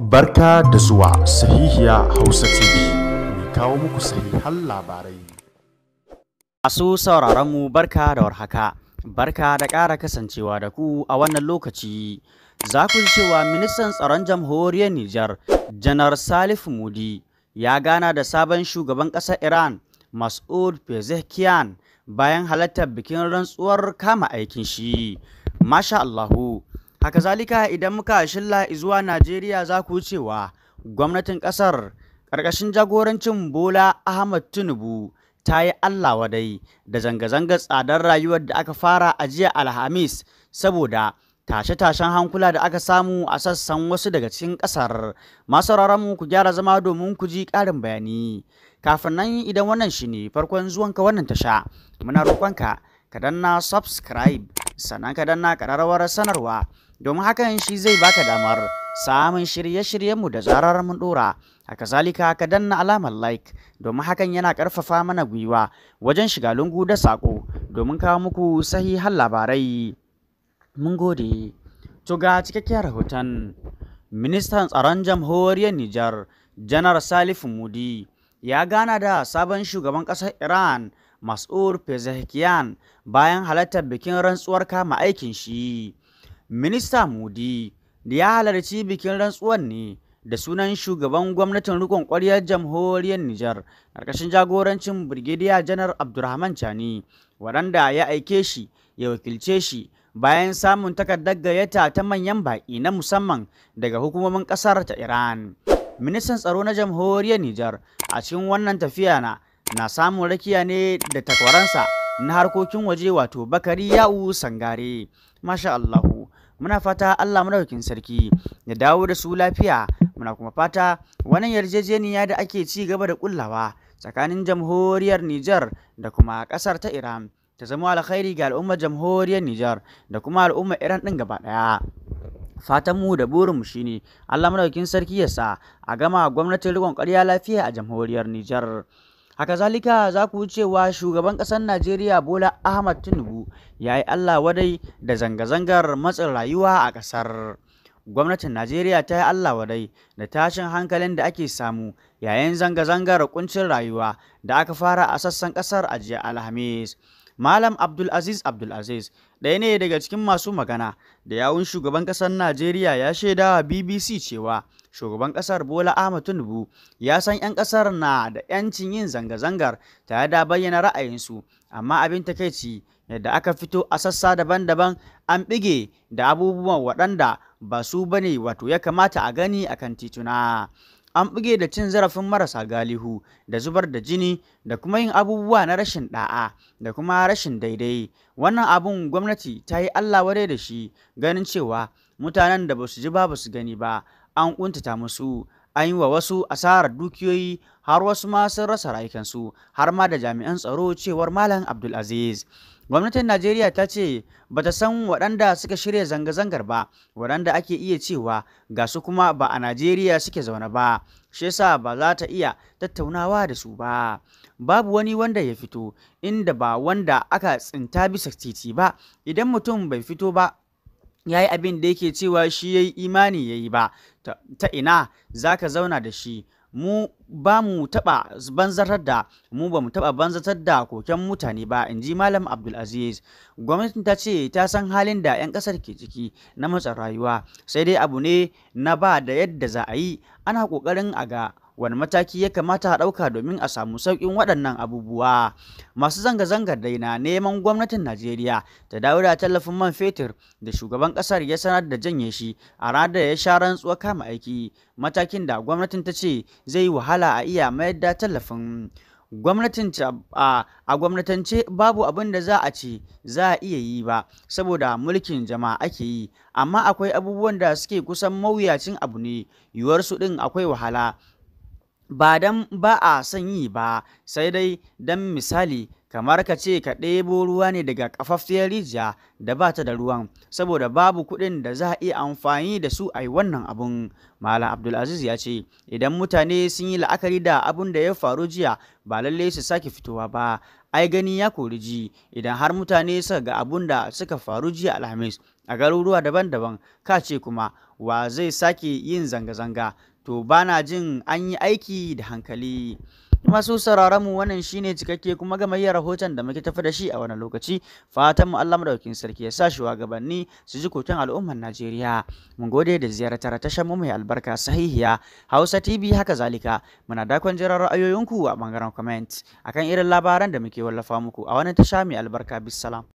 Barka da zuwa sahihiya Hausa TV, mai kawo muku sahihan labarai. Masu sauraronmu barka da warhaka, barka da ƙara kasancewa da ku a wannan lokaci. Za ku cewa ministan tsaron jamhuriyar Nijar, Janar Salif Mudi, ya gana da sabon shugaban ƙasar Iran, Mas'ud Pezeshkian, bayan halartar bikin rantsuwar kama aikin shi. Masha Allahu, A kazalika idan muka shilla zuwa najeriya za ku cewa gwamnatin ƙasar ƙarƙashin jagorancin bola ahmad tinubu ta yi allah wadai da zanga zanga tsadar rayuwar da aka fara a jiya alhamis saboda tashe-tashen hankula da aka samu a sassan wasu daga cikin ƙasar masu mu ku gyara zama domin ku ji ƙarin bayani kafin nan idan wannan shi ne farkon zuwanka wannan tasha muna roƙonka ka danna subscribe sannan ka danna ƙararrawar sanarwa domin hakan shi zai baka damar samun shirye-shiryenmu da zarar mun ɗora a kazalika ka danna alamar like domin hakan yana ƙarfafa mana gwiwa wajen shiga lungu da saƙo domin kawo muku sahihan labarai mun gode to ga cikakkiyar rahoton ministan tsaron jamhuriyar nijar janar salifu mudi ya gana da sabon shugaban ƙasar iran Mas'ud Pezeshkian bayan halartar bikin rantsuwar kama aikin shi. Minista Modi ya halarci bikin rantsuwar ne da sunan shugaban gwamnatin rikon kwaryar jamhuriyar Nijar ƙarƙashin jagorancin Birgidiya Janar Abdurrahman Chani, waɗanda ya aike shi ya wakilce shi bayan samun takardar gayyata ta manyan baƙi na musamman daga hukumomin ƙasar ta Iran. Ministan tsaro na jamhuriyar Nijar a cikin wannan tafiya na na samun rakiya ne da takwaransa na harkokin waje wato bakari yawu sangare masha allahu muna fata allah madaukakin sarki ya dawo da su lafiya muna kuma fata wannan yarjejeniya da ake ci gaba da kullawa tsakanin jamhuriyar niger da kuma kasar ta iran ta zama alkhairi ga al'ummar jamhuriyar niger da kuma al'ummar iran din gaba daya fatanmu da burinmu shine allah madaukakin sarki ya sa a gama gwamnatin riƙon ƙarya lafiya a jamhuriyar niger. A kazalika za ku cewa shugaban ƙasar najeriya bola ahmad tinubu ya yi allah wadai da zanga-zangar matsin rayuwa a ƙasar gwamnatin najeriya ta yi allah wadai da tashin hankalin da ake samu yayin zanga-zangar kuncin rayuwa da aka fara a sassan ƙasar a jiya alhamis Malam abdul-asis abdul Abdulaziz ɗaya ne daga cikin masu magana da yawun shugaban ƙasar Najeriya ya shaidawa BBC cewa shugaban ƙasar Bola Ahmed Tinubu ya san 'yan ƙasar na da 'yancin yin zanga-zangar tare da bayyana ra'ayinsu amma abin takaici yadda aka fito a sassa daban-daban an bige da abubuwan waɗanda ba su bane wato ya kamata a gani a kan tituna. an buge da cin zarafin marasa galihu da zubar da jini da kuma yin abubuwa na rashin da'a da kuma rashin daidai wannan abun gwamnati ta yi allah wadai da shi ganin cewa mutanen da ba su ji ba su gani ba an kuntata musu an yi wa wasu asarar dukiyoyi har wasu ma sun rasa rayukansu har ma da jami'an tsaro cewar malam abdulaziz gwamnatin najeriya ta ce ba ta san waɗanda suka shirya zanga-zangar ba waɗanda ake iya cewa ga su kuma ba a najeriya suke zaune ba shi yasa ba za ta iya tattaunawa da su ba babu wani wanda ya fito inda ba wanda aka tsinta bisa titi ba idan mutum bai fito ba ya yi abin da yake cewa shi ya yi imani ya yi ba ta ina za ka zauna da shi mu ba mu taɓa banzatar da mu ba mu taɓa banzatar da koken mutane ba in ji malam abdulaziz gwamnatin ta ce ta san halin da 'yan ƙasar ke ciki na matsar rayuwa sai dai abu ne na ba da yadda za a yi ana ƙoƙarin a ga wani mataki ya kamata a ɗauka domin a samu sauƙin waɗannan abubuwa masu zanga zanga dai na neman gwamnatin najeriya ta dawo da tallafin man fetur da shugaban ƙasar ya sanar da janye shi a ranar da ya sha rantsuwa kama aiki matakin da gwamnatin ta ce zai yi wahala a iya mayar da tallafin gwamnatin a gwamnatance babu abin da za a ce za a iya yi ba saboda mulkin jama'a ake yi amma akwai abubuwan da suke kusan mawuyacin abu ne yiwuwar su din akwai wahala ba don ba a son yi ba, sai dai don misali kamar ka ce ka ɗebo ruwa ne daga ƙafafiyar rijiya da ba ta da ruwan, saboda babu kuɗin da za a iya amfani da su a yi wannan abun. Malam Abdulaziz ya ce, idan mutane sun yi la'akari da abun da ya faru jiya ba lalle su sake fitowa ba, ai gani ya kori ji, idan har mutane suka ga abun da suka faru jiya Alhamis a garuruwa daban-daban, ka ce kuma wa zai sake yin zanga-zanga. to ba na jin an yi aiki da hankali masu sauraron mu wannan shine cikakke kuma gamayyar rahoton da muke tafi da shi a wani lokaci fatan mu Allah madaukakin sarki ya sa shugabanni su ji kokin al'ummar Najeriya mun gode da ziyartar tashar mu mai albarka sahihiya Hausa TV haka zalika muna dakon jiran ra'ayoyinku a bangaren comment akan irin labaran da muke wallafa muku a wannan tasha mai albarka bisalam